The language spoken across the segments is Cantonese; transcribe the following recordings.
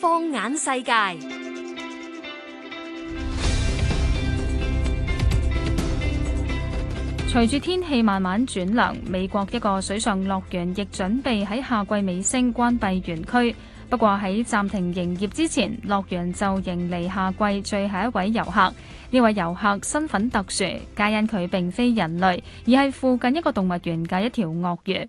放眼世界，隨住天氣慢慢轉涼，美國一個水上樂園亦準備喺夏季尾聲關閉園區。不過喺暫停營業之前，樂園就迎嚟夏季最後一位遊客。呢位遊客身份特殊，皆因佢並非人類，而係附近一個動物園嘅一條鱷魚。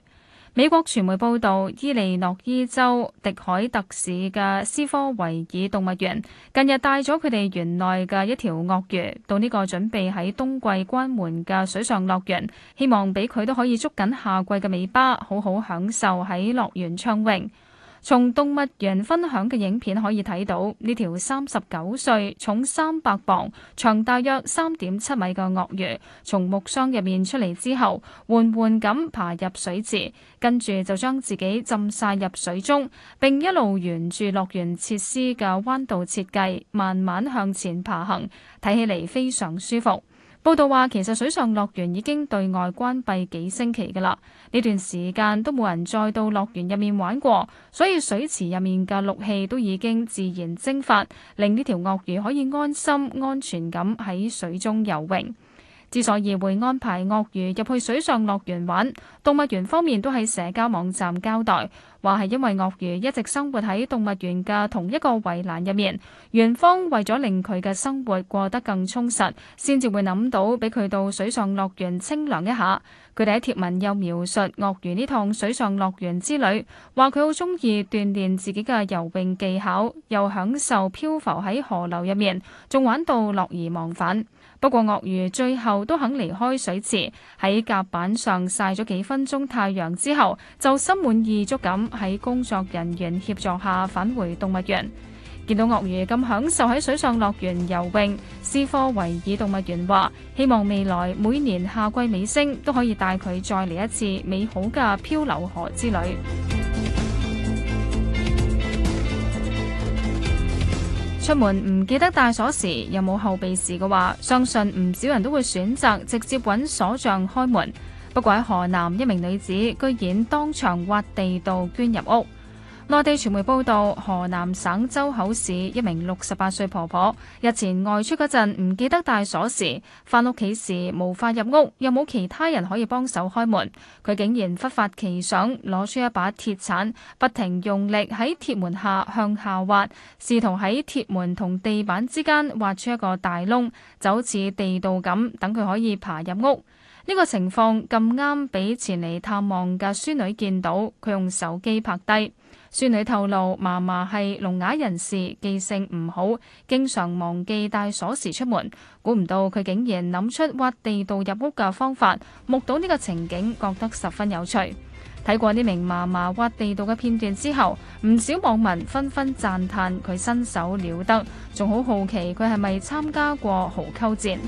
美國傳媒報道，伊利諾伊州迪凱特市嘅斯科維爾動物園近日帶咗佢哋園內嘅一條鱷魚到呢個準備喺冬季關門嘅水上樂園，希望俾佢都可以捉緊夏季嘅尾巴，好好享受喺樂園暢泳。從動物園分享嘅影片可以睇到，呢條三十九歲、重三百磅、長大約三點七米嘅鱷魚，從木箱入面出嚟之後，緩緩咁爬入水池，跟住就將自己浸晒入水中，並一路沿住樂園設施嘅彎道設計，慢慢向前爬行，睇起嚟非常舒服。報道話，其實水上樂園已經對外關閉幾星期㗎啦。呢段時間都冇人再到樂園入面玩過，所以水池入面嘅氯氣都已經自然蒸發，令呢條鱷魚可以安心、安全咁喺水中游泳。之所以會安排鱷魚入去水上樂園玩，動物園方面都喺社交網站交代。話係因為鱷魚一直生活喺動物園嘅同一個圍欄入面，園方為咗令佢嘅生活過得更充實，先至會諗到俾佢到水上樂園清涼一下。佢哋喺貼文又描述鱷魚呢趟水上樂園之旅，話佢好中意鍛煉自己嘅游泳技巧，又享受漂浮喺河流入面，仲玩到樂而忘返。不過，鱷魚最後都肯離開水池，喺甲板上曬咗幾分鐘太陽之後，就心滿意足咁，喺工作人員協助下返回動物園，見到鱷魚咁享受喺水上樂園游泳。斯科維爾動物園話：希望未來每年夏季尾聲都可以帶佢再嚟一次美好嘅漂流河之旅。 出門唔記得帶鎖匙又冇後備匙嘅話，相信唔少人都會選擇直接揾鎖匠開門。不過喺河南，一名女子居然當場挖地道捐入屋。內地傳媒報道，河南省周口市一名六十八歲婆婆日前外出嗰陣唔記得帶鎖匙，翻屋企時無法入屋，又冇其他人可以幫手開門，佢竟然忽發奇想，攞出一把鐵鏟，不停用力喺鐵門下向下挖，試圖喺鐵門同地板之間挖出一個大窿，就好似地道咁，等佢可以爬入屋。呢個情況咁啱俾前嚟探望嘅孫女見到，佢用手機拍低。孫女透露，嫲嫲係聾啞人士，記性唔好，經常忘記帶鎖匙出門。估唔到佢竟然諗出挖地道入屋嘅方法，目睹呢個情景，覺得十分有趣。睇過呢名嫲嫲挖地道嘅片段之後，唔少網民紛紛讚歎佢身手了得，仲好好奇佢係咪參加過壕溝戰。